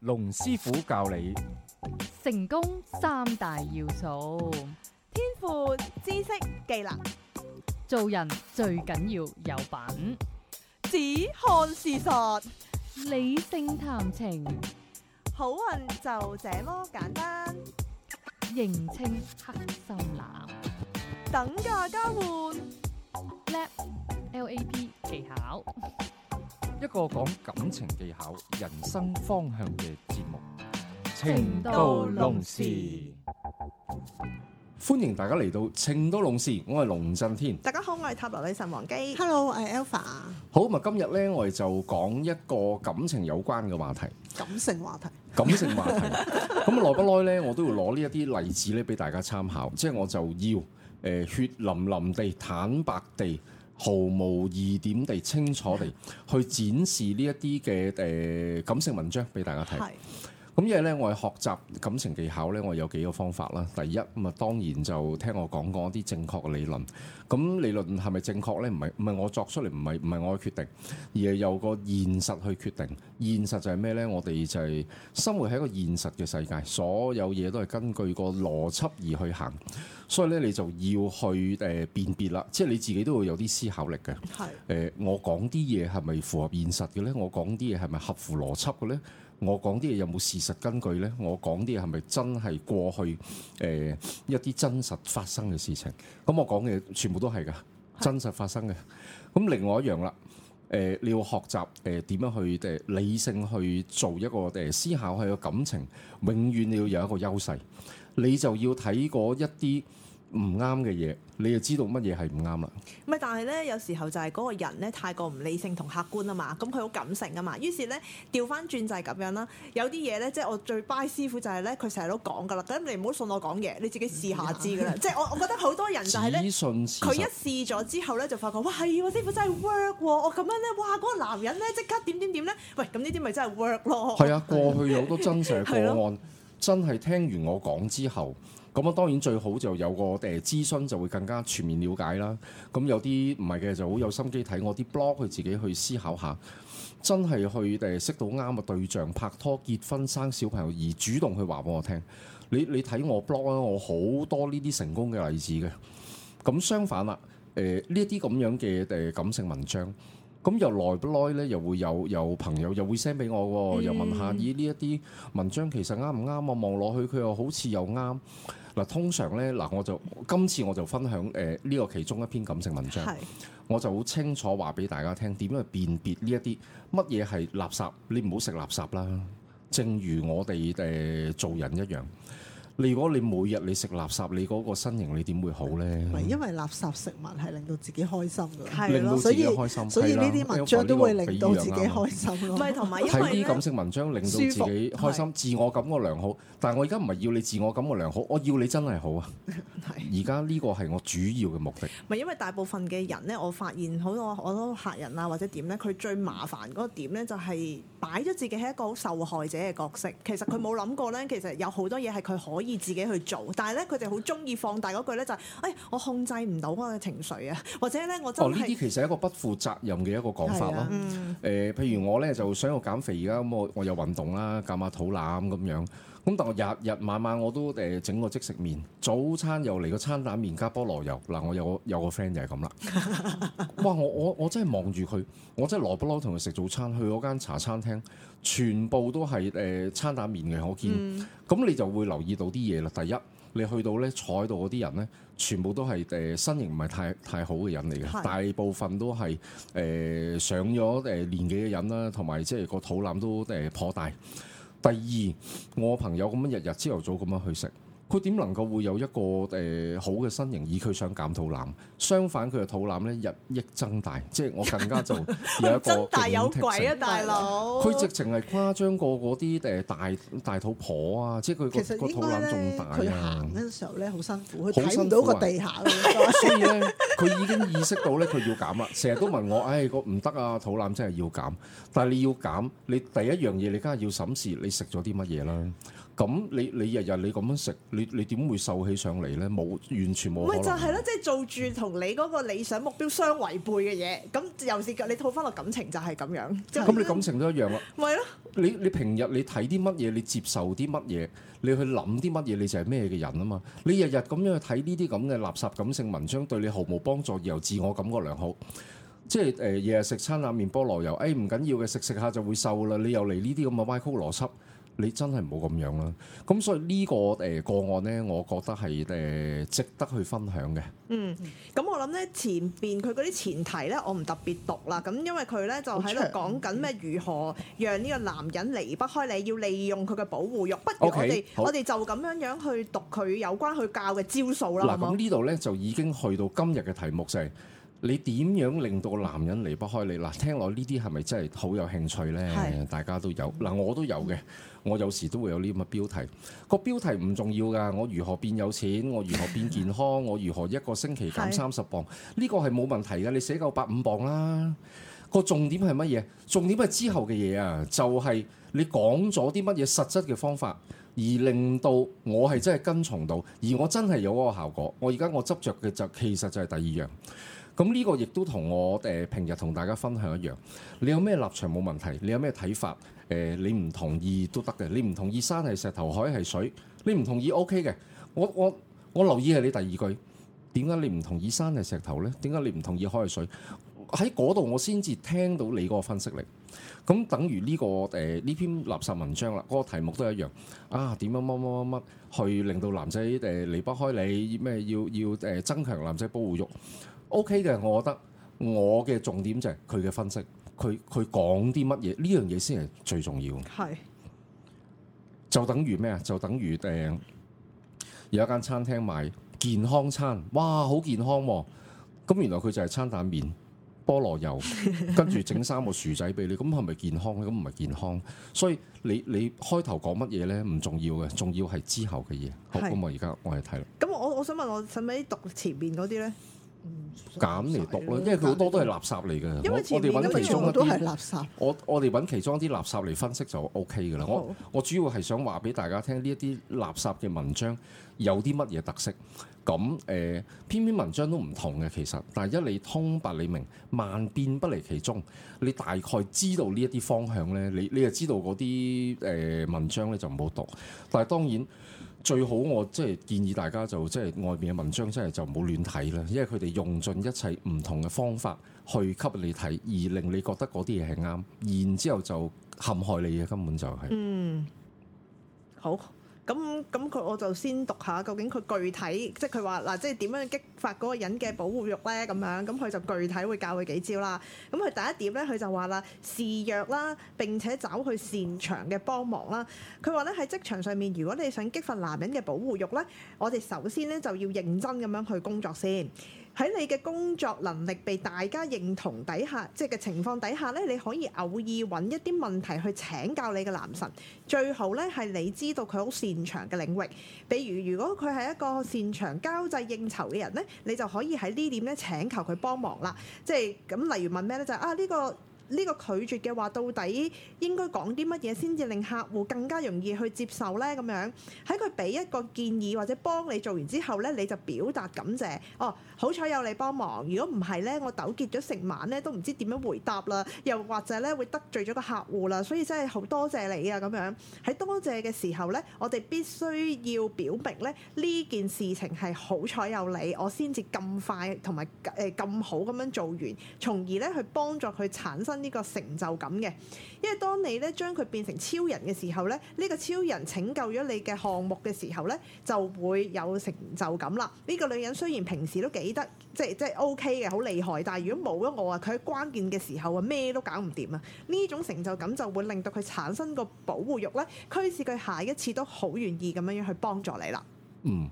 龍師傅教你成功三大要素：天賦、知識、技能。做人最緊要有品，只看事實，理性談情，好運就這麼簡單。認清黑心男，等價交換，叻 LAP 技巧。一個講感情技巧、人生方向嘅節目《情到濃時》，歡迎大家嚟到《情到濃時》，我係龍震天。大家好，我係塔羅女神王姬。Hello，我係 Alpha。好，咁啊，今日咧，我哋就講一個感情有關嘅話題，感性話題，感性話題。咁啊，耐不耐咧，我都要攞呢一啲例子咧，俾大家參考。即係我就要誒，血淋淋地、坦白地。毫無疑點地、清楚地去展示呢一啲嘅誒感性文章畀大家睇。咁嘢咧，我係學習感情技巧咧，我有幾個方法啦。第一，咁啊，當然就聽我講講啲正確嘅理論。咁理論係咪正確咧？唔係，唔係我作出嚟，唔係，唔係我嘅決定，而係由個現實去決定。現實就係咩咧？我哋就係生活喺一個現實嘅世界，所有嘢都係根據個邏輯而去行。所以咧，你就要去誒辨別啦，即係你自己都會有啲思考力嘅。係誒，呃，我講啲嘢係咪符合現實嘅咧？我講啲嘢係咪合乎邏輯嘅咧？我講啲嘢有冇事實根據呢？我講啲嘢係咪真係過去誒、呃、一啲真實發生嘅事情？咁我講嘅全部都係噶，真實發生嘅。咁另外一樣啦，誒、呃、你要學習誒點樣去理性去做一個誒思考，係個感情，永遠你要有一個優勢。你就要睇嗰一啲唔啱嘅嘢，你就知道乜嘢係唔啱啦？唔係，但係咧有時候就係嗰個人咧太過唔理性同客觀啊嘛，咁佢好感性啊嘛，於是咧調翻轉就係咁樣啦。有啲嘢咧，即係我最拜師傅就係咧，佢成日都講噶啦，咁你唔好信我講嘢，你自己試下知噶啦。即係我，我覺得好多人就係咧，佢一試咗之後咧就發覺，哇係喎，師傅真係 work 喎，我咁樣咧，哇嗰個男人咧即刻點點點咧，喂咁呢啲咪真係 work 咯？係啊，過去有好多真實個案，了真係聽完我講之後。咁啊，當然最好就有個誒諮詢，就會更加全面了解啦。咁有啲唔係嘅，就好有心機睇我啲 blog，佢自己去思考下，真係去誒識到啱嘅對象拍拖結婚生小朋友而主動去話俾我聽。你你睇我 blog 我好多呢啲成功嘅例子嘅。咁相反啦，誒呢一啲咁樣嘅誒感性文章，咁又耐不耐咧，又會有有朋友又會 send 俾我，嗯、又問下咦呢一啲文章其實啱唔啱啊？望落去佢又好似又啱。通常呢，嗱，我就今次我就分享誒呢個其中一篇感性文章，是我就好清楚話俾大家聽，點樣去辨別呢一啲乜嘢係垃圾，你唔好食垃圾啦。正如我哋誒、呃、做人一樣。你如果你每日你食垃圾，你嗰個身形你點會好咧？係因為垃圾食物係令到自己開心嘅，係咯的，開心了所以了所以呢啲文章都會令到自己開心咯。唔係同埋因為咧，啲感性文章令到自己開心、服自我感覺良好。的但係我而家唔係要你自我感覺良好，我要你真係好啊！係而家呢個係我主要嘅目的。唔係因為大部分嘅人咧，我發現好多好多，多客人啊或者點咧，佢最麻煩嗰個點咧就係擺咗自己係一個好受害者嘅角色。其實佢冇諗過咧，其實有好多嘢係佢可以。自己去做，但係咧，佢哋好中意放大嗰句咧，就係、是，哎，我控制唔到我嘅情緒啊，或者咧，我真係哦，呢啲其實係一個不負責任嘅一個講法咯。誒、啊嗯呃，譬如我咧就想要減肥，而家咁我我有運動啦，減下肚腩咁樣。咁但我日日晚晚我都誒整個即食麵，早餐又嚟個餐蛋麵加菠蘿油。嗱，我有個有個 friend 就係咁啦。 哇！我我我真係望住佢，我真係羅不嬲同佢食早餐，去嗰間茶餐廳，全部都係誒、呃、餐蛋麵嘅。我見咁、嗯、你就會留意到啲嘢啦。第一，你去到咧坐喺度嗰啲人咧，全部都係誒身形唔係太太好嘅人嚟嘅，是大部分都係誒、呃、上咗誒年紀嘅人啦，同埋即係個肚腩都誒頗、呃、大。第二，我朋友咁樣日日朝頭早咁樣去食。佢點能夠會有一個誒、呃、好嘅身形？以佢想減肚腩，相反佢嘅肚腩咧日益增大。即係我更加就有一個 真大有鬼啊！大佬，佢直情係誇張過嗰啲誒大大肚婆啊！即係佢個肚腩仲大啊！佢行嗰時候咧好辛苦，佢睇唔到個地下。啊、所以咧，佢 已經意識到咧，佢要減啦。成日都問我，唉、哎，個唔得啊！肚腩真係要減。但係你要減，你第一樣嘢你梗係要，要，要審視你食咗啲乜嘢啦。 咁你你日日你咁樣食，你你點會瘦起上嚟呢？冇完全冇。喂，就係啦，即係做住同你嗰個理想目標相違背嘅嘢。咁又是你套翻個感情就係咁樣。咁你感情都一樣啦。咪咯。你你平日你睇啲乜嘢，你接受啲乜嘢，你去諗啲乜嘢，你就係咩嘅人啊嘛？你日日咁樣去睇呢啲咁嘅垃圾感性文章，對你毫無幫助，又自我感覺良好。即係誒，日日食餐冷麵菠蘿油，誒唔緊要嘅，食食下就會瘦啦。你又嚟呢啲咁嘅歪曲邏輯。你真係唔好咁樣啦，咁所以呢個誒個案呢，我覺得係誒值得去分享嘅。嗯，咁我諗呢前邊佢嗰啲前提呢，我唔特別讀啦。咁因為佢呢就喺度講緊咩？如何讓呢個男人離不開你？要利用佢嘅保護欲。不如我哋 Okay, 我哋就咁樣樣去讀佢有關去教嘅招數啦。咁呢度呢，就已經去到今日嘅題目就係、是。你點樣令到男人離不開你嗱？聽落呢啲係咪真係好有興趣呢？是大家都有嗱，我都有嘅。我有時都會有呢咁嘅標題、個標題唔重要㗎。我如何變有錢？我如何變健康？ 我如何一個星期減三十磅？呢是個係冇問題嘅。你寫夠百五磅啦。個重點係乜嘢？重點係之後嘅嘢啊，就係、是、你講咗啲乜嘢實質嘅方法，而令到我係真係跟從到，而我真係有嗰個效果。我而家我執着嘅就其實就係第二樣。咁呢個亦都同我誒平日同大家分享一樣。你有咩立場冇問題，你有咩睇法誒、呃？你唔同意都得嘅。你唔同意山係石頭，海係水，你唔同意 O K 嘅。我我我留意係你第二句，點解你唔同意山係石頭呢？點解你唔同意海係水？喺嗰度我先至聽到你個分析力。咁等於呢、這個誒呢、呃、篇垃圾文章啦，嗰、那個題目都一樣啊。點樣乜乜乜乜去令到男仔誒離不開你？咩要要誒增強男仔保護欲？O K 嘅，我覺得我嘅重點就係佢嘅分析，佢佢講啲乜嘢，呢樣嘢先係最重要。係是，就等於咩啊？就等於誒有一間餐廳賣健康餐，哇，好健康喎、啊！咁原來佢就係餐蛋麵、菠蘿油，跟住整三個薯仔俾你，咁係咪健康咧？咁唔係健康。所以你你開頭講乜嘢呢？唔重要嘅，重要係之後嘅嘢。好，咁是我而家我嚟睇啦。咁我我想問我使唔使讀前面嗰啲呢？揀嚟讀咯，因為佢好多都係垃圾嚟嘅。我我哋揾其中一啲，我我哋揾其中啲垃圾嚟分析就 OK 噶啦。好我我主要係想話俾大家聽呢一啲垃圾嘅文章有啲乜嘢特色。咁誒，篇、呃、篇文章都唔同嘅，其實。但係一理通百理明，萬變不離其宗。你大概知道呢一啲方向咧，你你就知道嗰啲誒文章咧就唔好讀。但係當然。最好我即係建議大家就即係外面嘅文章，真係就唔好亂睇啦，因為佢哋用盡一切唔同嘅方法去給你睇，而令你覺得嗰啲嘢係啱，然之後就陷害你嘅根本就係、是、嗯，好。咁咁佢我就先讀下，究竟佢具體即係佢話嗱，即係點樣激發嗰個人嘅保護欲咧？咁樣咁佢就具體會教佢幾招啦。咁佢第一點咧，佢就話啦，示弱啦，並且找佢擅長嘅幫忙啦。佢話咧喺職場上面，如果你想激發男人嘅保護欲咧，我哋首先咧就要認真咁樣去工作先。喺你嘅工作能力被大家認同底下，即係嘅情況底下咧，你可以偶爾揾一啲問題去請教你嘅男神，最好咧係你知道佢好擅長嘅領域。比如如果佢係一個擅長交際應酬嘅人咧，你就可以喺呢點咧請求佢幫忙啦。即係咁，例如問咩咧就係、啊，呢個。呢個拒絕嘅話到底應該講啲乜嘢先至令客戶更加容易去接受咧？咁樣，喺佢俾一個建議或者幫你做完之後咧，你就表達感謝哦，好彩有你幫忙，如果唔係咧，我糾結咗成晚咧，都唔知點樣回答啦。又或者咧，會得罪咗個客戶啦，所以真係好多謝你啊！咁樣，喺多謝嘅時候咧，我哋必須要表明咧，呢件事情係好彩有你，我先至咁快同埋誒咁好咁樣做完，從而咧去幫助佢產生。呢個成就感嘅，因為當你咧將佢變成超人嘅時候咧，呢個超人拯救咗你嘅項目嘅時候咧，就會有成就感啦。呢個女人雖然平時都幾得，即係即係 O K 嘅，好厲害，但係如果冇咗我啊，佢喺關鍵嘅時候啊，咩都搞唔掂啊。呢種成就感就會令到佢產生個保護欲咧，驅使佢下一次都好願意咁樣樣去幫助你啦。嗯。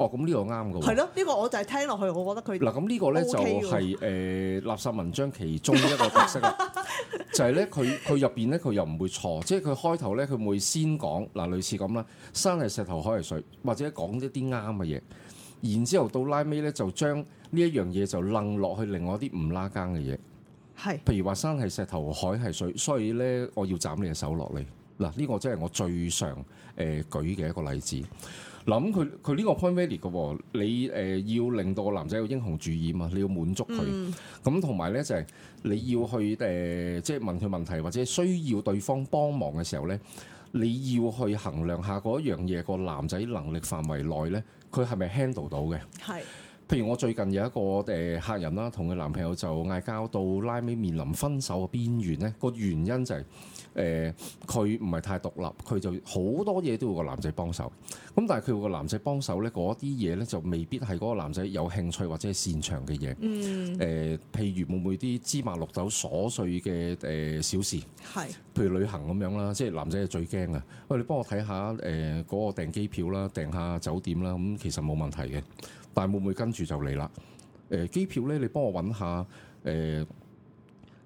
哦，咁、這、呢個啱㗎喎。係咯了，呢個我就係聽落去，我覺得佢嗱咁呢個咧、okay、的就係、是、誒、呃、垃圾文章其中一個特色， 就係咧佢佢入邊咧佢又唔會錯，即係佢開頭咧佢會先講嗱、呃、類似咁啦，山係石頭，海係水，或者講一啲啱嘅嘢，然之後到拉尾咧就將呢一樣嘢就擲落去另外啲唔拉更嘅嘢，係是譬如話山係石頭，海係水，所以咧我要斬你隻手落嚟嗱，呢、這個即係我最常誒舉嘅一個例子。嗱，佢佢呢個 point value 嘅喎，你誒、呃、要令到個男仔有英雄主義嘛？你要滿足佢，咁同埋咧就係、是、你要去誒，即、呃、係、就是、問佢問題或者需要對方幫忙嘅時候咧，你要去衡量下嗰一樣嘢個男仔能力範圍內咧，佢係咪 handle 到嘅？係是。譬如我最近有一個誒、呃、客人啦，同佢男朋友就嗌交到拉尾，面臨分手嘅邊緣咧，個原因就係、是。誒佢唔係太獨立，佢就好多嘢都要個男仔幫手。咁但係佢要個男仔幫手咧，嗰啲嘢咧就未必係嗰個男仔有興趣或者係擅長嘅嘢。嗯。誒、呃，譬如會唔會啲芝麻綠豆瑣碎嘅誒、呃、小事？係。譬如旅行咁樣啦，即係男仔係最驚嘅。喂、呃，你幫我睇下誒嗰個訂機票啦，訂下酒店啦，咁、嗯、其實冇問題嘅。但係會唔會跟住就嚟啦？誒、呃、機票咧，你幫我揾下誒。呃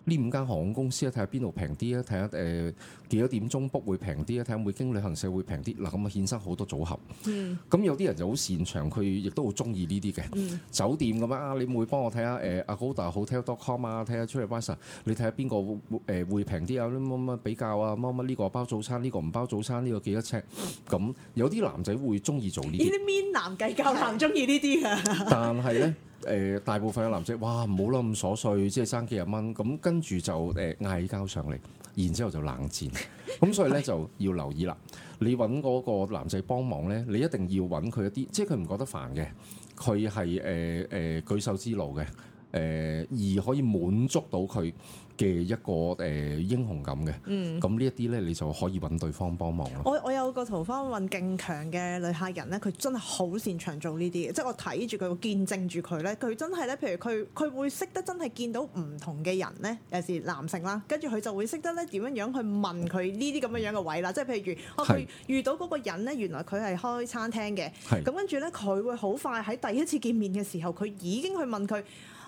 呢五間航空公司咧，睇下邊度平啲啊！睇下誒幾多點鐘 book 會平啲啊！睇下每間旅行社會平啲。嗱、呃，咁啊衍生好多組合。咁、嗯、有啲人就好擅長，佢亦都好中意呢啲嘅酒店咁啊！你會幫我睇下誒，Agoda、h、呃、Hotels.com 啊，睇下 Travelocity，你睇下邊個誒會平啲啊？乜乜比較啊？乜乜呢個包早餐，呢、這個唔包早餐，呢、這個幾多尺？咁、嗯、有啲男仔會中意做 呢啲。呢啲面男計較男中意呢啲㗎。但係咧。誒、呃、大部分嘅男仔，哇，唔好啦，咁瑣碎，即係爭幾廿蚊，咁、嗯、跟住就誒嗌交上嚟，然之後就冷戰，咁 所以咧呢 就要留意啦。你揾嗰個男仔幫忙咧，你一定要揾佢一啲，即係佢唔覺得煩嘅，佢係誒誒舉手之勞嘅，誒、呃、而可以滿足到佢。嘅一個誒、呃、英雄咁嘅，咁、嗯、呢一啲咧，你就可以揾對方幫忙咯。我我有個桃花運勁強嘅女客人咧，佢真係好擅長做呢啲嘅，即係我睇住佢，我見證住佢咧，佢真係咧，譬如佢佢會識得真係見到唔同嘅人咧，有時男性啦，跟住佢就會識得咧點樣樣去問佢呢啲咁樣樣嘅位啦，即係譬如我遇、啊、遇到嗰個人咧，是原來佢係開餐廳嘅，咁跟住咧佢會好快喺第一次見面嘅時候，佢已經去問佢。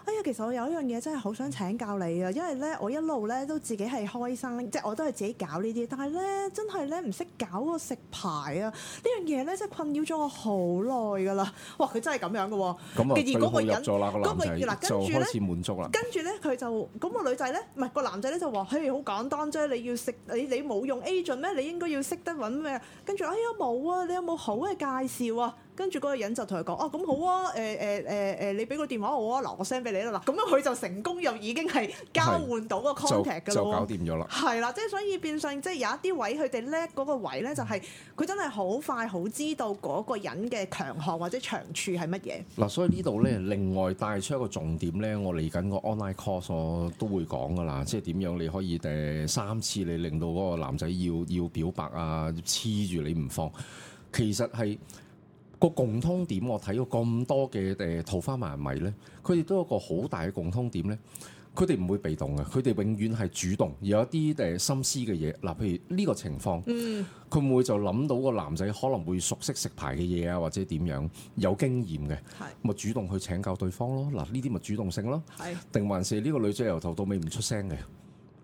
哎呀，其實我有一樣嘢真係好想請教你啊，因為咧我一路咧都自己係開生，即係我都係自己搞呢啲，但係咧真係咧唔識搞個食牌啊！呢樣嘢咧真係困擾咗我好耐㗎啦。哇，佢真係咁樣嘅，嗯、而嗰個人，嗰個男仔，跟住咧跟住咧佢就，咁、個女仔咧，唔係、個男仔咧就話，嘿好簡單啫，你要食，你你冇用 agent 咩？你應該要識得揾咩？跟住，哎呀，冇啊，你有冇好嘅介紹啊？跟住嗰個人就同佢講：哦、啊，咁好啊！誒誒誒誒，你俾個電話我啊，嗱，我 send 俾你啦。嗱，咁樣佢就成功又已經係交換到個 contact 㗎啦。就搞掂咗啦。係啦，即係所以變相即係有一啲位，佢哋叻嗰個位咧，就係佢真係好快好知道嗰個人嘅強項或者長處係乜嘢。嗱，所以呢度咧，另外帶出一個重點咧，我嚟緊個 online course 我都會講㗎啦。即係點樣你可以第三次你令到嗰個男仔要要表白啊，黐住你唔放？其實係。個共通點，我睇到咁多嘅誒桃花迷咧，佢哋都有個好大嘅共通點咧。佢哋唔會被動嘅，佢哋永遠係主動，有一啲誒心思嘅嘢。嗱，譬如呢個情況，佢唔、嗯、會就諗到個男仔可能會熟悉食牌嘅嘢啊，或者點樣有經驗嘅，咁啊是咪主動去請教對方咯。嗱，呢啲咪主動性咯，定是還是呢個女仔由頭到尾唔出聲嘅？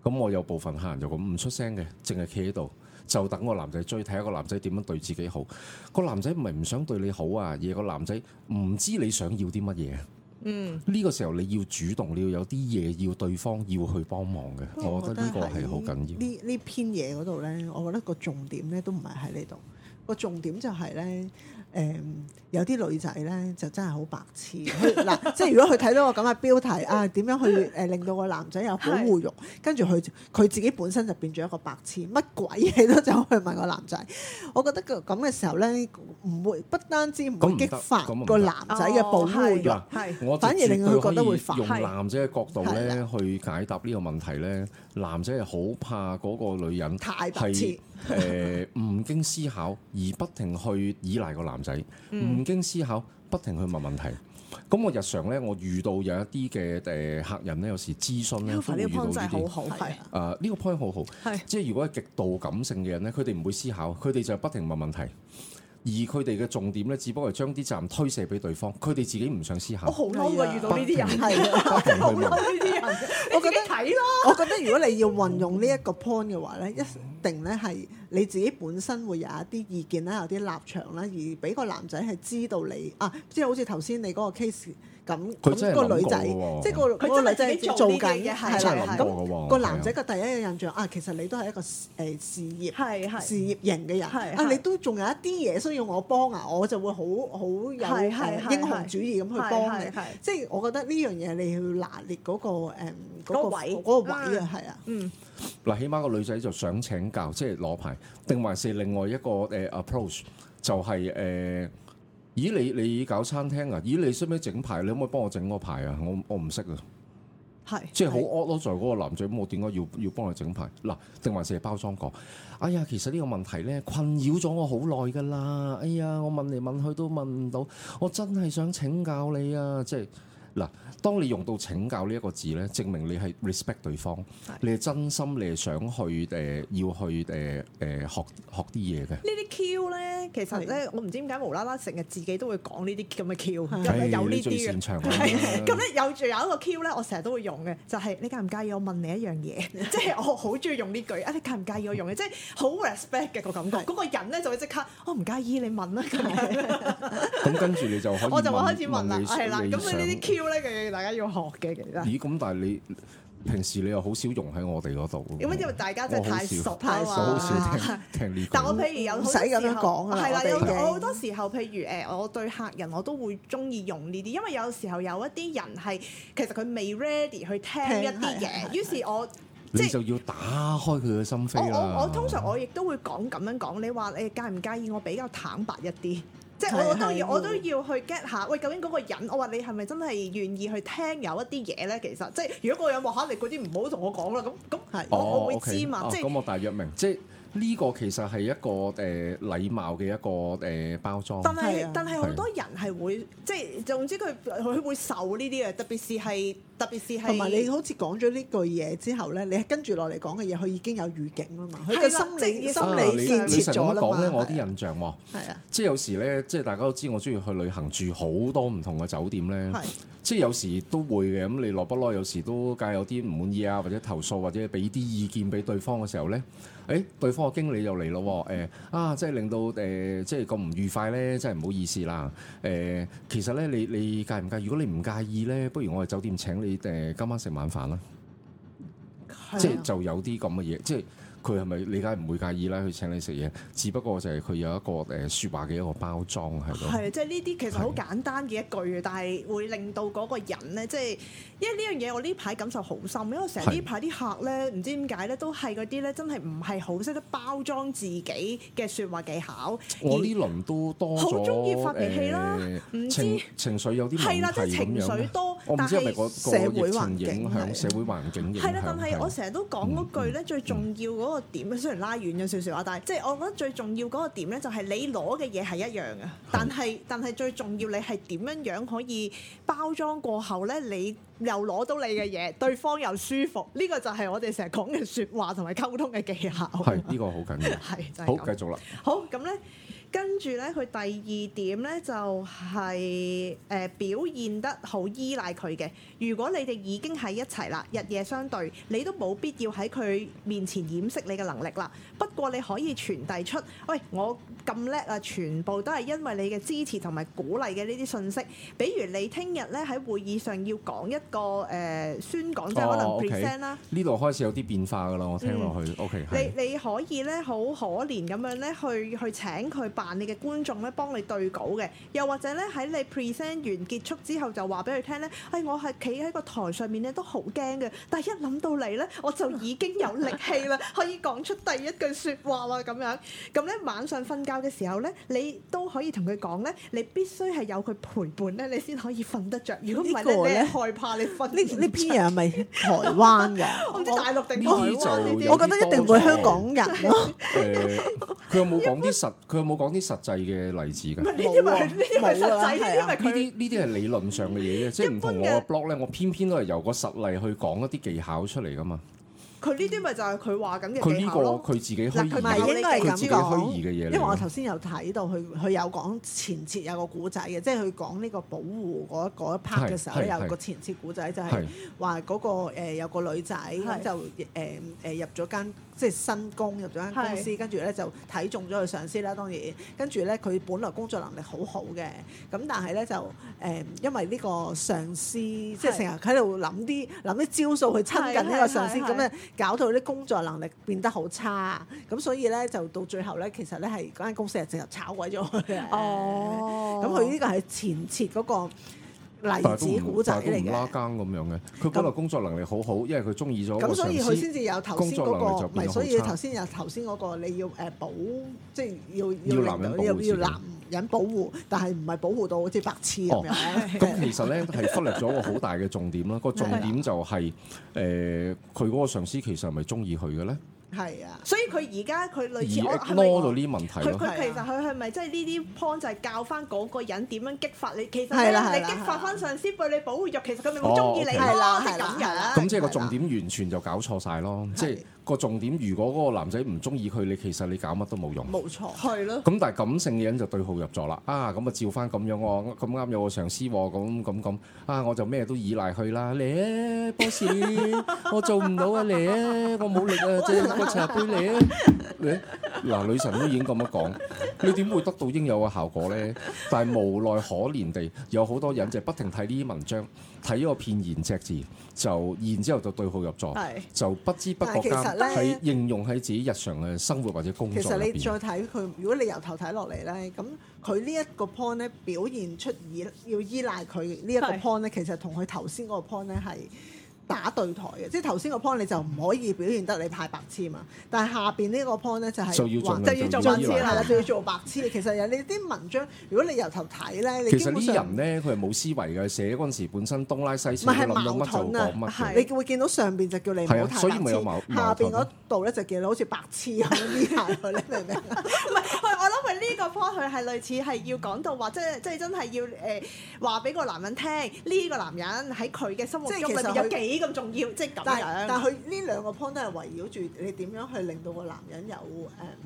咁我有部分客人就咁唔出聲嘅，淨係企喺度。就等個男仔追睇下個男仔點樣對自己好，個男仔唔係唔想對你好啊，而個男仔唔知你想要啲乜嘢。嗯，呢個時候你要主動，你要有啲嘢要對方要去幫忙嘅、嗯。我覺得呢個係好緊要。呢呢篇嘢嗰度呢，我覺得個重點呢都唔係喺呢度，個重點就係呢。誒、嗯、有啲女仔咧就真係好白痴，嗱 即係如果佢睇到個咁嘅標題啊，點樣去誒、啊、令到個男仔有保護欲？跟住佢佢自己本身就變咗一個白痴，乜鬼嘢都走去問個男仔。我覺得個咁嘅時候咧，唔會不單止唔會激發個男仔嘅保護欲，哦、反而令佢覺得會的反。用男仔嘅角度咧的去解答呢個問題咧，男仔係好怕嗰個女人太白痴。誒，唔、 呃、經思考而不停去依賴個男仔，唔、嗯、經思考不停去問問題。咁我日常咧，我遇到有一啲嘅誒客人咧，有時諮詢咧都會遇到呢啲。好啊，呢、呃呢個 point 好好，啊、即係如果係極度感性嘅人咧，佢哋唔會思考，佢哋就不停問問題。而佢哋嘅重點呢，只不過係將啲責任推卸俾對方，佢哋自己唔想思考。我好嬲㗎，遇到呢啲人係啊，真係好嬲呢啲人。我覺得睇咯。 我覺得如果你要運用呢一個 point 嘅話呢 一定呢係你自己本身會有一啲意見啦，有啲立場啦，而俾個男仔係知道你啊，即係好似頭先你嗰個 case。咁咁個女仔，即係個個女仔做緊，係啦。咁個男仔嘅第一印象啊，其實你都係一個誒事業、事業型嘅人啊，你都仲有一啲嘢需要我幫啊，我就會好好有英雄主義咁去幫你。即係我覺得呢樣嘢你要拿捏嗰個誒嗰個位嗰個位啊，係啊，嗯。嗱，起碼個女仔就想請教，即係攞牌，定還是另外一個誒 approach，就係誒。咦，你你搞餐廳啊？咦，你識唔識整牌？你可唔可以幫我整嗰個牌啊？我我唔識啊，係是即係好惡咯，在嗰的個林仔，咁我點解要要幫佢整牌？嗱，定還是係包裝過？哎呀，其實呢個問題呢，困擾咗我好耐㗎喇。哎呀，我問嚟問去都問唔到，我真係想請教你啊！即係。嗱，當你用到請教呢一個字咧，證明你係 respect 對方，你係真心，你係想去誒，要去誒誒學學啲嘢嘅。呢啲 Q 咧，其實咧，我唔知點解無啦啦成日自己都會講呢啲咁嘅 Q，有呢啲嘅。係，你好中意擅長。係，咁咧有仲有一個 Q 咧，我成日都會用嘅，就係你介唔介意我問你一樣嘢？即係我好中意用呢句，啊你介唔介意我用嘅？即係好 respect 嘅個感覺。嗰個人咧就會即刻，我唔介意你問啦。咁跟住你就可以我就會開始問啦，係啦，咁你呢啲 Q。咧，佢大家要學嘅其實。咦？咁但係你平時你又好少用喺我哋嗰度。咁因為大家真係太熟少太熟啦， 聽聽、這、呢、個、但我譬如有好多時候，係啦，有好的多時候，譬如誒，我對客人我都會中意用呢啲，因為有時候有一啲人係其實佢未 ready 去聽一啲嘢，是是於是我，我 即係就要打開佢嘅心扉。我我,我,我,我通常我亦都會講咁樣講，你話你介唔介意我比較坦白一啲？即係我都要，的我都要去 get 下。喂，究竟嗰個人，我話你係咪真係願意去聽有一啲嘢咧？其實，即係如果嗰個人話吓你嗰啲唔好同我講啦，咁咁係我我會知嘛。哦 okay。即係。哦，咁我大約明。呢個其實係一個誒禮貌嘅一個誒包裝，但係但係好多人係會即係總之佢佢會受呢啲嘅，特別是係特別是係同埋你好似講咗呢句嘢之後咧，你跟住落嚟講嘅嘢，佢已經有預警啦嘛，佢嘅心理心理建設咗啦嘛。即係我啲印象喎，啊，即係有時咧，即係大家都知我中意去旅行住好多唔同嘅酒店咧，即係有時都會嘅。咁你落不落？有時都梗有啲唔滿意啊，或者投訴，或者俾啲意見俾對方嘅時候咧。誒、哎、對方嘅經理又嚟咯，誒、哎、啊！即係令到誒、呃，即係咁唔愉快咧，真係唔好意思啦。誒、呃，其實咧，你你介唔介意？如果你唔介意咧，不如我哋酒店請你誒今晚食晚飯啦的。即係就有啲咁嘅嘢，即係佢係咪你梗係唔會介意咧？佢請你食嘢，只不過就係佢有一個誒説話嘅一個包裝喺度。係，即係呢啲其實好簡單嘅一句，的但係會令到嗰個人咧，即係。因為呢樣嘢我呢排感受好深，因為成日呢排啲客咧，唔是知點解咧，都係嗰啲咧，真係唔係好識得包裝自己嘅説話技巧。我呢輪都多好中意發脾氣啦，唔知、呃、情、情緒有啲問題係啦，即係情緒多，但係是、那個、社會環境係是社會環境嚟。係啦，但係我成日都講嗰句咧，最重要嗰個點，嗯、雖然拉遠咗少少話，但係即係我覺得最重要嗰個點咧，就係你攞嘅嘢係一樣嘅，的但係但係最重要你係點樣樣可以包裝過後咧，你。又攞到你嘅嘢， 對方又舒服，呢個就係我哋成日講嘅説話同埋溝通嘅技巧。係，呢個好緊要。係， 就係咁。好，繼續啦。好，咁咧，跟住咧，佢第二點咧就係誒表現得好依賴佢嘅。如果你哋已經喺一齊啦，日夜相對，你都冇必要喺佢面前掩飾你嘅能力啦。不過你可以傳遞出，喂，我咁叻啊！全部都係因為你嘅支持同埋鼓勵嘅呢啲信息。比如你聽日咧喺會議上要講一個誒宣講，即係可能 present 啦。呢度、oh, okay 呃、開始有啲變化噶啦，我聽落去。嗯、OK，你是你可以咧好可憐咁樣咧去去，去請佢扮你嘅觀眾咧幫你對稿嘅，又或者咧喺你 present 完結束之後就話俾佢聽咧，誒、呃、我係企喺個台上面咧都好驚嘅，但係一諗到你咧我就已經有力氣啦，可以講出第一句。說話啦咁樣，咁咧晚上瞓覺嘅時候咧，你都可以同佢講咧，你必須係有佢陪伴咧，你先可以瞓得着。如果唔係咧，你害怕你瞓。呢、呢篇人係咪台灣？我唔知大陸定咩？我覺得一定唔會香港人咯。佢有冇講啲實？佢有冇講啲實際嘅例子嘅？呢啲，唔實，呢啲係理論上嘅嘢即係唔同我 blog 咧。我偏偏都係由個實例去講一啲技巧出嚟噶嘛。佢呢啲咪就係佢話緊嘅，佢呢個佢自己虛擬嘅嘢，佢自己虛擬嘅嘢，因為我頭先有睇到佢，佢有講前設有個古仔嘅，即係佢講呢個保護嗰嗰 part 嘅時候咧，有個前設古仔就係話嗰個、呃、有個女仔是就誒誒、呃呃、入咗間。即係新工入咗間公司，是跟住咧就睇中咗佢上司啦。當然，跟住咧佢本來工作能力好好嘅，咁但係咧就誒、呃，因為呢個上司是即係成日喺度諗啲諗啲招數去親近呢個上司，咁咧搞到啲工作能力變得好差。咁所以咧就到最後咧，其實咧係間公司係成日炒鬼咗佢。哦，咁佢呢個係前設嗰、那個。例子古仔嚟嘅，拉更咁樣嘅。佢本來工作能力好好，因為佢中意咗上司。咁所以佢先至有頭先嗰個，唔係所以頭先有頭先嗰個，你要誒保、呃，即係要要，要令到要男要男人保護，但係唔係保護到好似白痴咁樣。咁其實咧係忽略咗個好大嘅重點啦。個 重點就係、是、誒，佢、呃、嗰個上司其實係咪中意佢嘅咧？係啊，所以佢而家佢類似我係摸到呢啲問題，佢佢其實佢係咪，即係呢啲 point 就係教翻嗰個人點樣激發你？其實你你激發翻上司對你保護欲，其實佢咪好中意你咯？即係咁樣。咁即係個重點完全就搞錯晒咯，即係。個重點，如果嗰個男仔唔中意佢，你其實你搞乜都冇用。冇錯，係咯。咁但係感性嘅人就對號入座啦。啊，咁啊照翻咁樣喎，咁啱有個上司喎，咁咁咁，啊我就咩都依賴佢啦。嚟啊，boss， 我做唔到啊，你，我冇力啊，即係我請唔到你啊。嗱，女神都已經咁樣講，你點會得到應有嘅效果呢？但係無奈可憐地， 有好多人就不停睇呢啲文章，睇呢個片言隻字，就然之後就對號入座，是就不知不覺間喺應用喺自己日常嘅生活或者工作，其實你再睇佢，面如果你由頭睇落嚟呢，咁佢呢一個 point 呢，表現出依要依賴佢呢一個 point 呢，是其實同佢頭先嗰個 point 呢係打對台嘅，即係頭先個 point 你就唔可以表現得你太白痴嘛。但係下邊呢個 point 咧就係就要做白痴啦，就要做白痴。其實有你啲文章，如果你由頭睇咧，其實啲人咧佢係冇思維嘅，寫嗰陣時本身東拉西扯，諗到乜就講乜，你會見到上邊就叫你唔好太白痴，下邊嗰度咧就叫你好似白痴咁樣，你明唔明？唔係，我諗佢呢個 point 佢係類似係要講到話，即係即係真係要誒話俾個男人聽，呢個男人喺佢嘅生活中裏面有幾咁重要，即係但係，但但係佢呢兩個 point 都係圍繞住你點樣去令到個男人有誒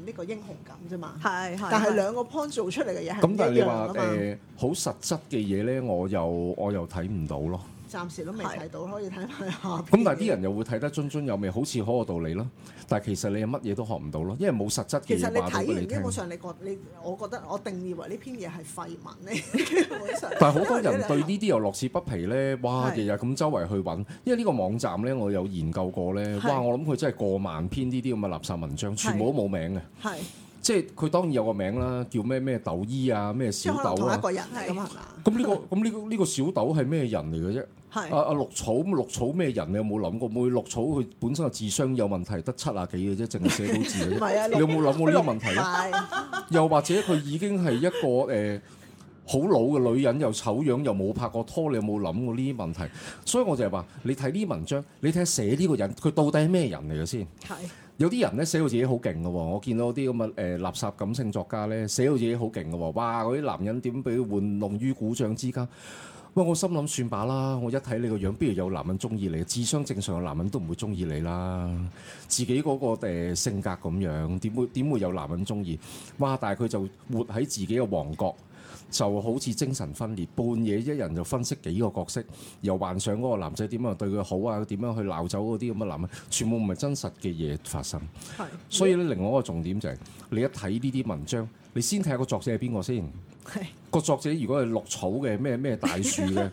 呢個英雄感啫嘛。係係。但係兩個 point 做出嚟嘅嘢係唔一樣啊嘛。呃，好實質嘅嘢咧，我又我又睇唔到咯。暫時都未睇到，的可以睇埋下。咁但係啲人又會睇得津津有味，好似好有道理啦。但係其實你係乜嘢都學唔到咯，因為冇實質嘅嘢話畀你聽。其實你睇基本上你覺你，我覺得我定義為呢篇嘢係廢文咧。 但係好多人對呢啲又樂此不疲咧，哇！日日咁周圍去揾，因為呢個網站咧，我有研究過咧，的哇！我諗佢真係過萬篇呢啲咁嘅垃圾文章，的全部都冇名嘅。係的，即係佢當然有個名啦，叫咩咩豆衣啊，咩小豆啊。同一個人係嘛？咁呢的、呢個咁呢個呢個小豆係咩人嚟嘅啫？ 係是啊！啊！綠草，綠草咩人？你有冇諗過？每綠草佢本身個智商有問題，得七啊幾嘅啫，淨係寫到字。係 啊，你有冇諗過呢個問題咧？ 是 又或者佢已經係一個誒好、呃、老嘅女人，又醜樣，又冇拍過拖。你有冇諗過呢啲問題？所以我就係話，你睇呢文章，你睇寫呢個人，佢到底係咩人嚟嘅先？係是有啲人咧，寫到自己好勁㗎喎，我見到啲咁嘅誒垃圾感性作家咧，寫到自己好勁㗎喎，哇！嗰啲男人點俾玩弄於股掌之間？喂，我心諗算把啦，我一睇你個樣，邊度有男人中意你？智商正常嘅男人都唔會中意你啦，自己嗰個、呃、性格咁樣，點會點會有男人中意？哇！但係佢就活喺自己嘅王國，就好似精神分裂，半夜一人就分析幾個角色，又幻想嗰個男仔點樣對佢好啊，點樣去鬧走嗰啲咁嘅男人，全部唔係真實嘅嘢發生。係。所以咧，另外一個重點就係你一睇呢啲文章，你先睇下個作者係邊個先。個是作者如果係落草嘅咩咩大樹嘅，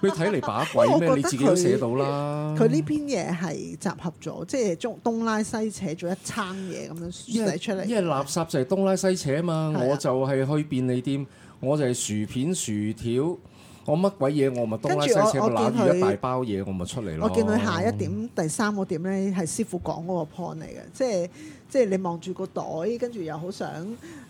佢睇嚟把鬼咩？你自己都寫到啦。佢呢篇嘢係集合咗，即係中東拉西扯咗一餐嘢咁樣寫出嚟。因為垃圾就係東拉西扯啊嘛！的我就係去便利店，我就係薯片薯條，我乜鬼嘢我咪東拉西扯我攬住一大包嘢，我咪出嚟咯。我見佢下一點第三個點咧，係師傅講嗰個 point 嚟嘅，即係即係你望住個袋，跟住又好想。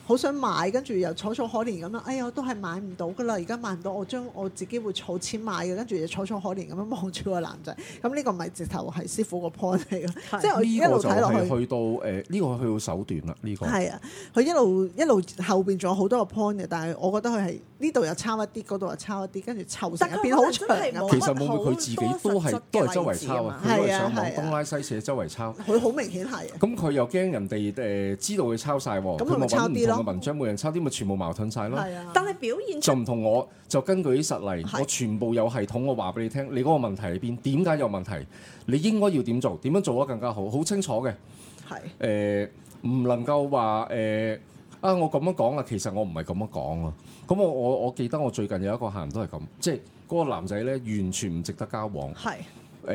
好想買，跟住又楚楚可憐咁樣！哎呀，我都係買唔到噶啦！而家買唔到，我將我自己會儲錢買嘅，跟住又楚楚可憐咁樣望住個男仔。咁呢個咪直頭係師傅個 point 嚟嘅，即係的我一路睇落去。呢個就係去到誒，呢、呃呢個去到手段啦。呢、呢個係啊，佢一路一路後邊仲有好多個 point 嘅，但係我覺得佢係。呢度又抄一啲，嗰度又抄一啲，跟住湊成一片好長。其實會唔會佢自己都係都係周圍抄啊？都係上網東拉西扯周圍抄。佢好明顯係。咁佢又驚人哋誒知道佢抄晒喎。咁咪抄唔同嘅文章，每人抄啲，咪全部矛盾晒咯。但係表現就唔同我，就根據啲實例，我全部有系統，我話俾你聽，你嗰個問題裏邊，點解有問題，你應該要點做，點樣做得更加好，好清楚嘅。係。誒，唔能夠話誒。啊！我咁樣講啊，其實我唔係咁樣講啊。咁我我我記得我最近有一個客人都係咁，即係嗰個男仔咧，完全唔值得交往。係是。誒、呃，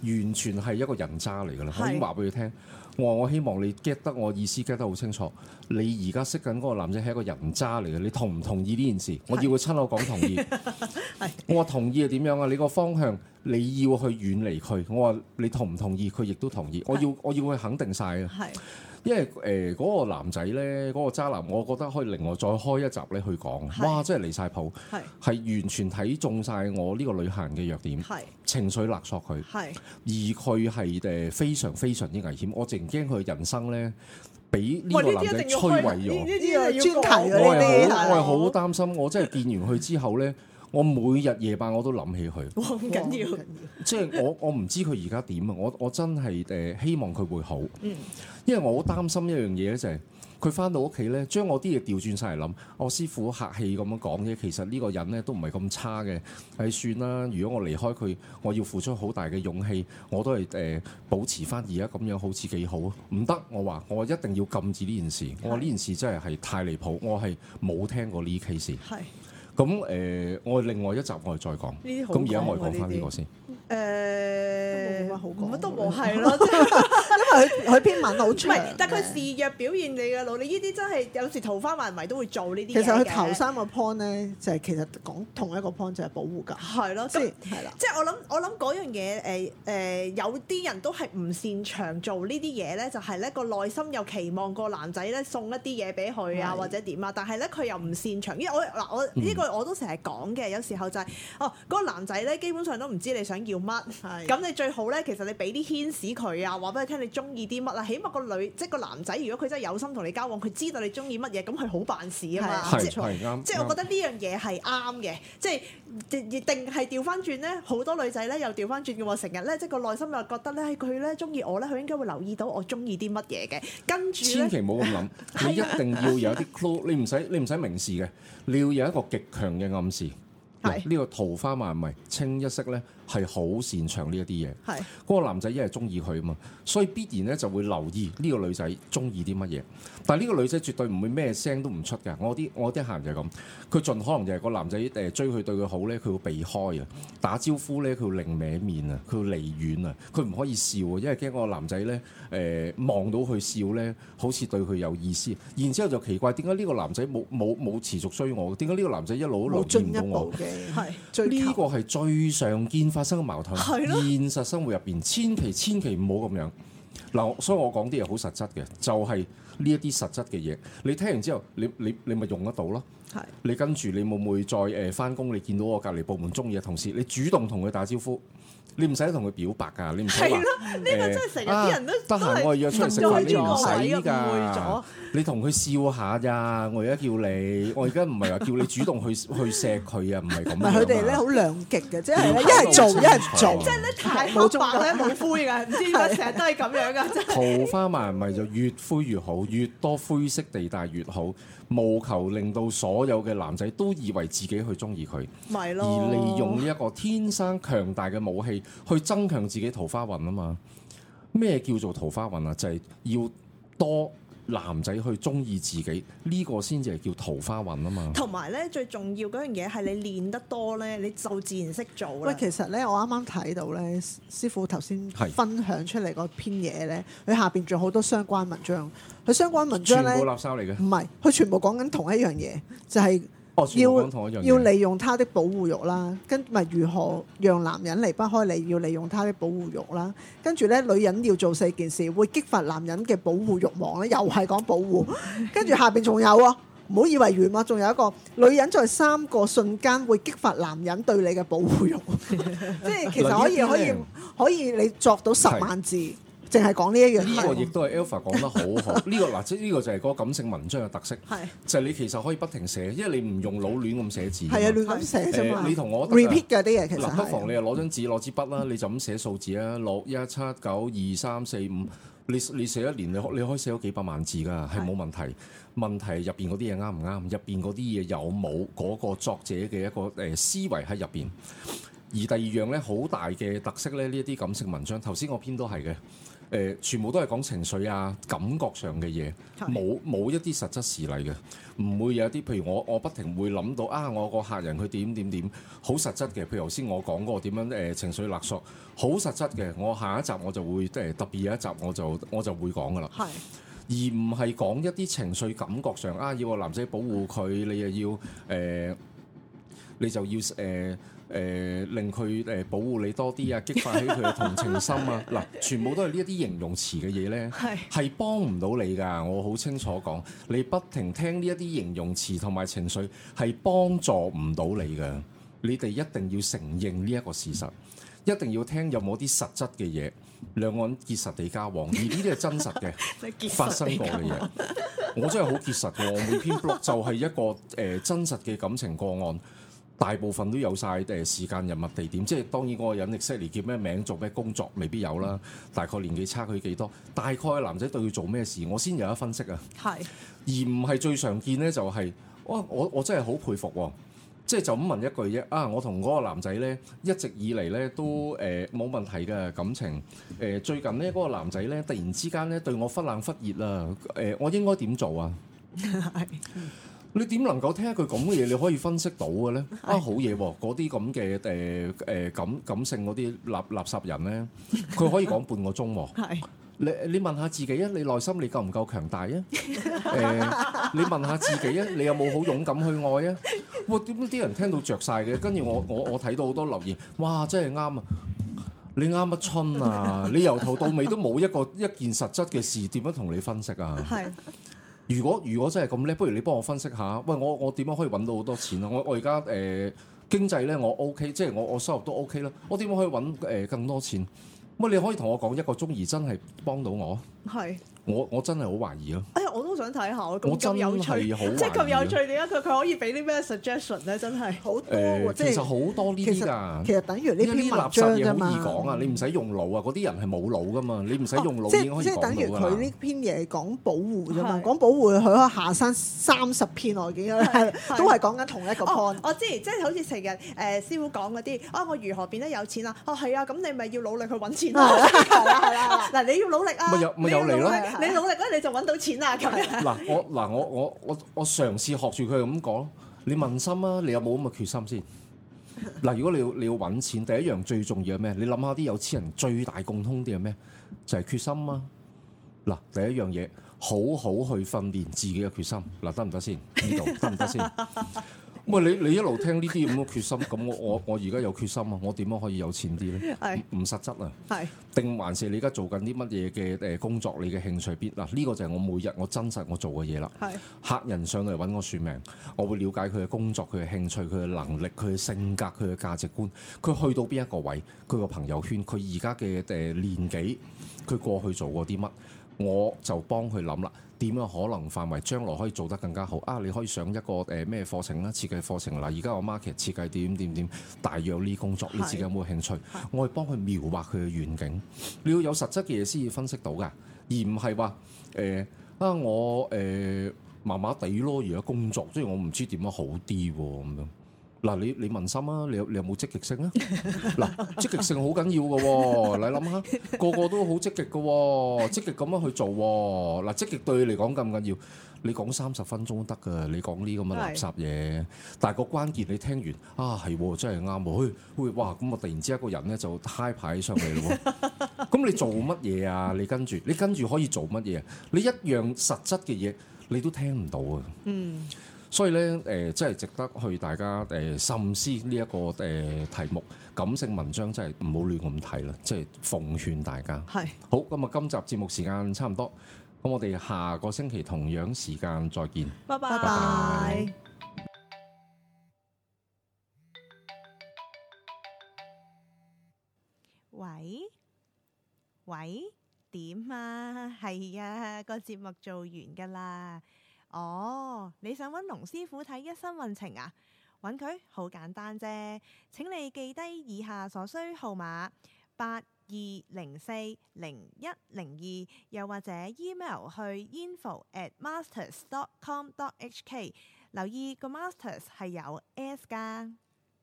完全係一個人渣嚟㗎啦。我已經話俾佢聽，我話我希望你 get 得我意思 get 得好清楚。你而家識緊嗰個男仔係一個人渣嚟嘅，你同唔同意呢件事？是我要佢親口講同意。 是我話同意係點樣啊？你個方向你要去遠離佢。我話你同唔同意？佢亦都同意。是我要我要去肯定晒。㗎是。係。因為誒嗰個男仔呢，嗰、嗰個渣男，我覺得可以另外再開一集呢去講，是哇！真係離晒譜，係是完全睇中晒我呢個旅行嘅弱點，係是情緒勒索佢，係是而佢係誒非常非常之危險，我淨驚佢人生呢，俾呢個男仔摧毀咗。呢我係好，些我係好是擔心，我真係見完佢之後呢。我每日夜晚我都諗起佢，哇、就是，我唔緊要，即係我我唔知佢而家點啊！我我真係誒希望佢會好，嗯、因為我好擔心一樣嘢，就係佢翻到屋企呢，將我啲嘢調轉晒嚟諗。我師傅客氣咁樣講嘅，其實呢個人呢都唔係咁差嘅，係算啦。如果我離開佢，我要付出好大嘅勇氣，我都係誒保持翻而家咁樣，好似幾好。唔得，我話我一定要禁止呢件事。是我話呢件事真係係太離譜，我係冇聽過呢 case。咁誒、呃，我另外一集我哋再講，咁而家我哋講翻呢個先。誒冇乜好講，乜都冇係咯， 因為佢佢篇文好長。唔係，但係佢示弱表現你嘅路，你呢啲真係有時桃花還迷都會做呢啲、就是。其實佢頭三個 point 咧，就係其實講同一個 point 就係保護噶。係咯，即係即係我諗我諗嗰樣嘢誒誒，有啲人都係唔擅長做呢啲嘢咧，就係咧個內心又期望個男仔咧送一啲嘢俾佢啊，的或者點啊，但係咧佢又唔擅長。因為我嗱、嗯、我呢、呢個我都成日講嘅，有時候就係、是、哦嗰、嗰個男仔咧基本上都唔知你想要。乜？咁你最好咧，其實你俾啲 hint 佢啊，話俾佢聽你中意啲乜啦。起碼個女，即係個男仔，如果佢真係有心同你交往，佢知道你中意乜嘢，咁佢好辦事啊嘛。係，即係我覺得呢樣嘢係啱嘅。即係定係調翻轉咧，好多女仔咧又調翻轉嘅。成日咧，即係個內心又覺得咧，佢咧中意我咧，佢應該會留意到我中意啲乜嘢嘅。跟住，千祈唔好咁諗，啊、你一定要有啲 clue，你唔使你唔使明示嘅，你要有一個極強嘅暗示。係呢、哦這個桃花萬迷，清一色咧。係好擅長呢一啲嘢，嗰是個男仔一係中意佢啊嘛，所以必然咧就會留意呢個女仔中意啲乜嘢。但係呢個女仔絕對唔會咩聲都唔出嘅。我啲我啲客人就係咁，佢盡可能就係個男仔誒追佢對佢好咧，佢會避開啊，打招呼咧佢會另歪面啊，佢會離遠啊，佢唔可以笑啊，因為驚個男仔咧誒望到佢笑咧，好似對佢有意思。然之後就奇怪點解呢個男仔冇冇冇持續追我？點解呢個男仔一路都見唔到我？係追求呢個係最常見。發生嘅矛盾，的現實生活入邊千祈千祈唔好咁樣嗱。所以我講啲嘢好實質嘅，就係呢一啲實質嘅嘢。你聽完之後，你你你咪用得到咯。的你跟住你會唔會再誒翻工？你見到我隔離部門中意嘅同事，你主動同佢打招呼。你唔使同佢表白噶，你唔使。呢個真係成日啲人都都係得閒我約出嚟食飯，你唔使噶。你同佢笑下咋，我而家叫你，我而家唔係話叫你主動去去錫佢呀，唔係咁。唔係佢哋咧好兩極嘅，即係咧一係做一係做，即係咧太冇白冇灰嘅，唔知點解成日都係咁樣噶。桃花唔係就越灰越好，越多灰色地帶越好。務求令到所有嘅男仔都以為自己去中意佢，的而利用一個天生強大嘅武器去增強自己桃花運啊嘛！咩叫做桃花運啊？就係、是、要多。男仔去中意自己呢個先至係叫桃花運啊嘛！同埋咧最重要嗰樣嘢係你練得多咧，你就自然識做。喂，其實咧我啱啱睇到咧，師傅頭先分享出嚟嗰篇嘢咧，佢下邊仲好多相關文章。佢相關文章咧，全部垃圾嚟嘅。唔係，佢全部講緊同一樣嘢，就係。要要利用他的保護欲啦，跟咪如何讓男人離不開你？要利用他的保護欲啦，跟住咧，女人要做四件事，會激發男人嘅保護欲望咧，又係講保護。跟住下邊仲有啊，唔好以為完啊，仲有一個女人在三個瞬間會激發男人對你嘅保護欲，即係 其實可以可以可以你作到十萬字。淨係講呢一樣，呢個亦都係 Alpha 講得好好。呢、 呢個嗱，即、呢、呢個就係嗰感性文章嘅特色， 就係你其實可以不停寫，因為你唔用腦亂咁寫字，係啊，亂咁寫啫嘛。你同我 repeat 嘅啲嘢其實，嗱、啊、不妨你又攞張紙攞支、嗯、筆啦、啊，你就咁寫數字啊，六一七九二三四五，你你寫一年你你可以寫咗幾百萬字㗎，係冇的問題。問題入邊嗰啲嘢啱唔啱？入邊嗰啲嘢有冇嗰個作者嘅一個誒思維喺入邊？而第二樣咧，好大嘅特色咧，呢一啲感性文章，頭先我編都係嘅。誒、呃、全部都係講情緒啊、感覺上嘅嘢，冇冇的一啲實質事例嘅，唔會有一啲，譬如我我不停會諗到啊，我個客人佢點點點，好實質嘅。譬如頭先我講過點樣誒、呃、情緒勒索，好實質嘅。我下一集我就會誒、呃、特別有一集我就我就會講噶啦，的而唔係講一啲情緒感覺上啊，要個男仔保護佢，你又要誒、呃，你就要誒。呃誒、呃、令佢誒、呃、保護你多啲啊，激發起佢嘅同情心 啊！嗱，全部都係呢一啲形容詞嘅嘢咧，係是幫唔到你㗎。我好清楚講，你不停聽呢一啲形容詞同埋情緒，係幫助唔到你㗎。你哋一定要承認呢一個事實，一定要聽有冇啲實質嘅嘢，兩個人結實地交往，而呢啲係真實嘅 發生過嘅嘢。 我真係好結實㗎，每篇 blog 就係一個誒、呃、真實嘅感情個案。大部分都有晒誒時間、人物、地點，即係當然嗰個人、悉尼叫咩名、做咩工作，未必有啦。大概年紀差佢幾多？大概男仔對佢做咩事，我先有得分析啊。係是。而唔係最常見咧，就係、是、哇！我我，我真係好佩服，即係就咁問一句啫。啊！我同嗰個男仔咧，一直以嚟咧都誒冇、呃、問題嘅感情。誒、呃、最近呢，嗰個男仔咧突然之間咧對我忽冷忽熱啦。誒、呃，我應該點做啊？係。你點能夠聽一句咁嘅嘢，你可以分析到嘅咧？是的 啊，好嘢喎、哦，嗰啲咁嘅誒誒感感性嗰啲垃垃圾人咧，佢可以講半個鐘喎、哦是的。你你問下自己啊，你內心你夠唔夠強大啊？誒、 呃，你問下自己啊，你有冇好勇敢去愛啊？哇！點解啲人聽到着晒嘅？跟住我我我睇到好多留言，哇！真係啱啊！你啱乜春啊？你由頭到尾都冇一個一件實質嘅事，點樣同你分析啊？係。如果如果真係咁叻，不如你幫我分析下，喂，我我點樣可以揾到好多錢啊？我我而家誒經濟咧我 OK，即係我我收入都 OK 啦。我點樣可以揾、呃、更多錢？喂，你可以同我講一個鐘而真係幫到我。係。我我真係好懷疑咯！哎呀，我都想睇下，咁咁有趣，即係咁有趣點解？佢佢可以俾啲咩 suggestion 咧？真係好多，即係其實好多呢啲㗎。其實等於呢篇文章嘢好易講啊！你唔使用腦啊，嗰啲人係冇腦噶嘛！你唔使用腦先可以講到㗎嘛？即係等於佢呢篇嘢講保護啫嘛？講保護佢可下山三十篇來見㗎，都係講緊同一個 point。我知，即係好似成日誒師傅講嗰啲，啊我如何變得有錢啊？」「啊係啊，咁你咪要努力去揾錢啦！嗱你要努力啊！咪有咪又嚟咯！你努力咧，你就揾到錢 啦咁樣。嗱，我嗱我我我我嘗試學住佢咁講。你問心啊，你有冇咁嘅決心先？嗱，如果你要你要揾錢，第一樣最重要係咩？你諗下啲有錢人最大共通啲係咩？就係決心啊！嗱，第一樣嘢，好好去訓練自己嘅決心。嗱，得唔得先？呢度得唔得先？ 唔你你一路聽呢啲咁嘅決心，咁 我我我而家有決心啊！我點樣可以有錢啲咧？唔是實質啊？定是還是你而家做緊啲乜嘢嘅誒工作？你嘅興趣邊？嗱，呢個就係我每日我真實我做嘅嘢啦。是客人上嚟揾我算命，我會了解佢嘅工作、佢嘅興趣、佢嘅能力、佢嘅性格、佢嘅價值觀。佢去到邊一個位？佢個朋友圈？佢而家嘅誒年紀？佢過去做過啲乜？我就幫佢諗啦，點樣可能範圍將來可以做得更加好啊？你可以上一個誒咩、呃、課程啦，設計課程啦，而家我 market 設計點點點，大約呢工作，是你自己有冇興趣？我係幫佢描畫佢嘅遠景，你要有實質嘅嘢先至分析到㗎，而唔係話誒啊我誒麻麻地咯，而、呃、家工作，即係我唔知點樣好啲喎咁樣。嗱，你你問心啊？你有你有冇積極性啊？嗱， 積極性好緊要嘅喎，你諗下，個個都好積極嘅喎，積極咁樣去做喎。嗱，積極對你嚟講咁緊要。你講三十分鐘都得㗎，你講呢咁嘅垃圾嘢。是但係個關鍵，你聽完啊，係真係啱喎。去，哇！咁我突然之間一個人咧就 high 排上嚟咯。咁 你做乜嘢啊？你跟住，你跟住可以做乜嘢？你一樣實質嘅嘢，你都聽唔到啊。嗯。所以咧，誒、呃，真係值得去大家誒、呃、深思呢、這、一個誒、呃、題目。感性文章真係唔好亂咁睇啦，即係奉勸大家。係是好咁啊、嗯！今集節目時間差唔多，咁我哋下個星期同樣時間再見。拜拜 bye bye。喂喂，點啊？係啊，個節目做完㗎啦。哦，你想揾龍師傅睇一生運程啊？揾佢好簡單啫。請你記低以下所需號碼：八二零四零一零二，又或者 email 去 info@masters.com.hk，at dot dot 留意個 masters 係有 s 噶。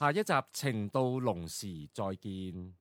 下一集情到濃時再見。